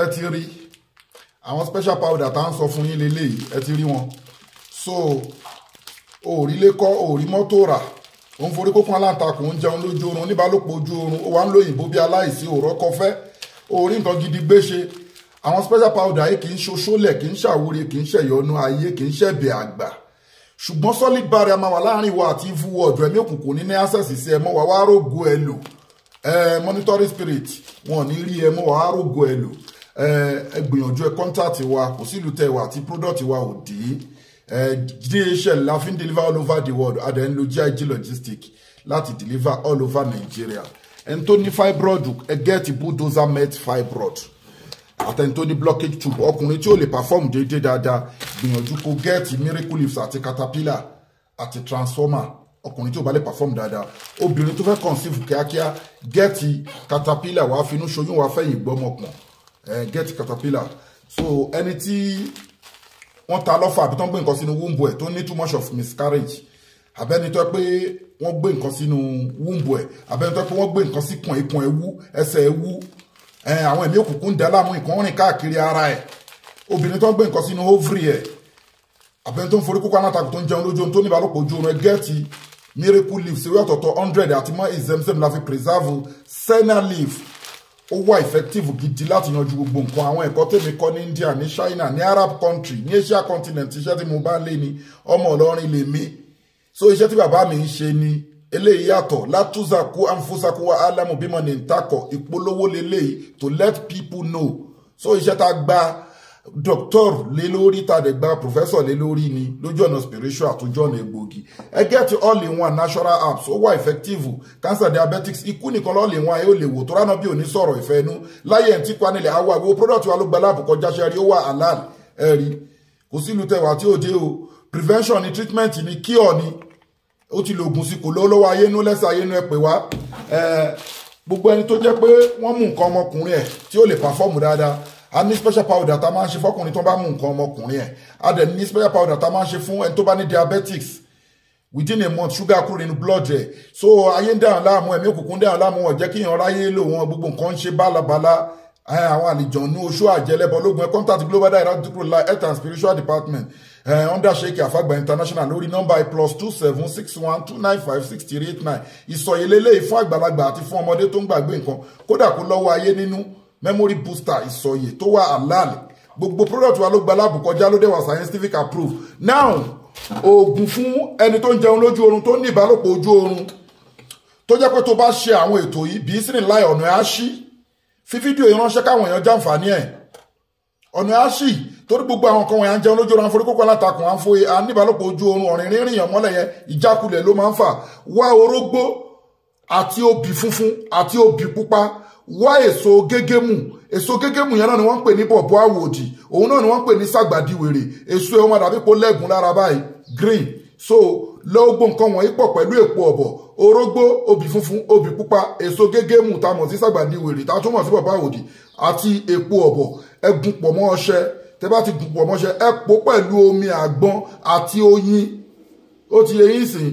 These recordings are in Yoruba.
ẹ ti rí àwọn special powder tá à ń sọ fún yín leléyìí ẹ ti rí wọn so òòrí lékọ́ òòrí mọ́tò rà ó ń forí kókún aláǹtakùn ó ń jẹun lójú oorun oníbàálòpọ̀ ojú oorun ó wà ń lo òyìnbó bí aláìsí òòrọ̀ kọfẹ́ òòrí nǹkan gidi gbé ṣe àwọn special powder yìí kì í ṣoṣólẹ̀ kì í ṣàwúre kì í ṣẹ̀yọnu ayé kì í ṣẹ̀bẹ̀ àgbà ṣùgbọ́n solid barrier máa wà láàrin ìwọ àti ìfúwọ ọ̀dọ̀ ẹ̀mí òkùnkùn ní ní access sí ẹ mọ́ wàá wá rògo ẹ lò monitoring spirit wọn ò ní rí ẹ mọ́ wàá rògo ẹ lò ẹ gbìyànjú ẹ kọ́ńtàtì wa kò sí ìlú tẹ wa àti product wa ò dé DHL la fi ń deliver all over the world adẹ̀ ń lo GIG logistics láti deliver all over Nigeria ẹni tó ní fibroid ẹ gẹ́ẹ̀tì bulldozer met fibroid àtẹni tó ní blockage tube ọkùnrin tí ó lè perform déédéé dáadáa gbìyànjú kó gẹ́ẹ̀tì miracle leaves àti caterpillar àti transformer ọkùnrin tí ò bá lè perform dáadáa obìnrin tó fẹ́ conceive kíákíá gẹ́ẹ̀tì caterpillar wàá finú ṣoyún wàá fẹ̀yìn gbọ́mọkùn eh, get caterpillar so ẹni tí wọ́n ta lọ́fà àbí tó ń gbé nǹkan sínú wombo ẹ̀ tó ní too much of miscarriage àbẹ́ni tó pé wọ́n gbé nǹkan sínú wombo ẹ̀ àbẹ́ni tó pé wọ́n gbé nǹkan sí kùn ikùn ẹ̀wú ẹsẹ̀ ẹ̀wú eh, àwọn ẹ̀mí òkùnkùn ń dá láàmú nǹkan rìn káàkiri ara ẹ̀ obìnrin tó ń gbé nǹkan sínú ovary ẹ̀ àbẹ́ni tó ń forí kókó anátakù tó ń jẹun lójú ohun tó ní ìbálòpọ̀ ojú oorun ẹgẹ́ẹ̀tì miracle leaf ṣèwé ọ̀tọ̀ọ̀tọ̀ hundred àti mọ́ ìzẹ́mzẹ́m la preserve senna leaf ó wà effective gidi láti yanjú gbogbo nǹkan àwọn ẹ̀kọ́ tèmi kọ́ ní India ní China ní Arab country ní Asia continent iṣẹ́ tí mo bá lé ni ọmọ Ìlọrin lè mi so iṣẹ́ tí bàbá mi ń ṣe ni eléyìí yàtọ̀ látúzàkú ànfúsàkú wa álámù bímọ ní ntakọ̀ ìpolówó leléyìí to let people know so iṣẹ́ tá a gba doctor lé lórí tàdé gba professor lé lórí ni lójú ọ̀nà spiritual àtòjú ọ̀nà egbògi ẹ get all in one natural apps ó wà effective cancer diabetics ikú nìkan all in one ẹ ó lè wò tó ránà bí òní sọ̀rọ̀ ìfẹ́ inú láyé ẹ̀ ń tí panilẹ̀ awọ àgbo product wa ló gba láàbù kọjá ṣe rí ó wà halal ẹ rí kò sí ìlú tẹwà tí ò dé o prevention ni treatment ni cure ni ó ti lo oògùn sí kò lówó lọ́wọ́ ayé inú lẹ́sẹ̀ ayé inú ẹ pè wá gbogbo ẹni tó jẹ́ pé wọ́n mú nǹkan ọmọkùnrin ẹ̀ tí ó lè pàfọ́ọ̀mù dáadáa a ní special powder tá a máa ń ṣe fọkùnrin tó bá mú nǹkan ọmọkùnrin ẹ̀ a dẹ̀ ní special powder tá a máa ń ṣe fún ẹni tó bá ní diabetics within a month sugar kúrò nínú blood rẹ̀ so ayé ń dáhùn láàmú ẹ̀mí òkùnkùn dáhùn láàmú wọn jẹ́ kí èèyàn ráyé lò wọn gbogbo nǹkan ń ṣe bálabàla àwọn àlìjọ̀nú oṣù àjẹlẹ́bọ lógun ẹ̀ contact global direct group like health and spiritual department under sheikh afagba international lórí nọ́mbà i plus two seven six one two nine five six three eight nine ìsọ̀yẹlẹ́lẹ́ ìfún àgbàlagbà àti fún ọmọdé tó ń gbàgbé nǹkan kódà kó lọ́wọ́ ayé nínú memory booster ìsọyè tó wà halal gbogbo product wa ló gba láàbù kọjá ló dé scientific approved now oògùn fún ẹni tó ń jẹun lójú oorun tó ní ìbálòpọ̀ ojú oorun tó jẹ́ pé tó bá ṣe àwọn ètò yìí bí sínú láì ọ̀nà ẹ̀ á ṣí fi fídíò yìí ránṣẹ́ káwọn èèyàn jàǹfààní ẹ̀ ọ̀nà àṣì torí gbogbo àwọn kan wọ̀nyà ń jẹun lójú ọ̀run àforíkókò alátakùn àǹfòye àníbàlòpọ̀ ojú oorun ọ̀rìn rírìn yàn mọ́lẹ̀ yẹn ìjákulẹ̀ ló máa ń fà wá orógbó àti obì funfun àti obì pupa wá èso gégémù èso gégémù yẹn náà ni wọ́n ń pè ní bọ̀bọ̀ àwòdì òun náà ni wọ́n ń pè ní sàgbàdìwèrè èso ẹ̀ wọ́n dàbí pé lẹ́gùn lára báyìí green so lọ́gbọ̀n nǹkan wọ̀nyí pọ̀ pẹ̀lú èpo ọ̀bọ̀ orógbó obì funfun obì pupa èso gégémù tá a mọ̀ sí sàgbàdìwèrè tá a tún mọ̀ sí bọ̀bọ̀ àwòdì àti èpo ọ̀bọ̀ ẹ gún pọ̀ mọ́ ọṣẹ tẹ bá ti gún pọ̀ mọ́ ọṣẹ ẹ pẹ̀lú omi àgbọn àti oyin ó ti yẹ yín sìn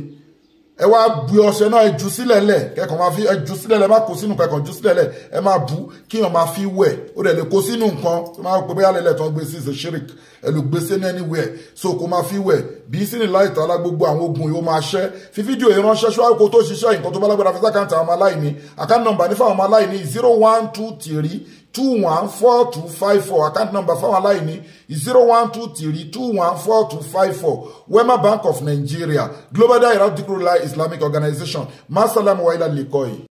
ẹ wá bu ọṣẹ náà ẹ jù sílẹ̀ lẹ̀ kẹ́kọ̀ọ́ máa fi ẹ jù sílẹ̀ lẹ̀ má kó sínú kẹ́kọ̀ọ́ jù sílẹ̀ lẹ̀ ẹ máa bu kíyàn máa fi wẹ̀ ó dẹ̀ lè kó sínú nǹkan tó máa pè bóyá lẹ́lẹ̀ tó ń gbé sí ṣe ṣírík ẹ lè gbé sínú anywhere so kó máa fi wẹ̀ bí sínú láì tààlà gbogbo àwọn ogun yìí ó máa ṣẹ́ fi fídíò yìí ránṣẹ́ ṣọ́ àìkò tó ṣiṣẹ́ nǹkan tó bá lágbára fi sákàǹtà àwọn aláìní account number ní fáwọn aláìní zero one two three two one four two five four account number fáwọn aláìní zero one two three two one four two five four Wema Bank of Nigeria Global Dahiratu Dhikrlahi Islamic Organization Masalam Waila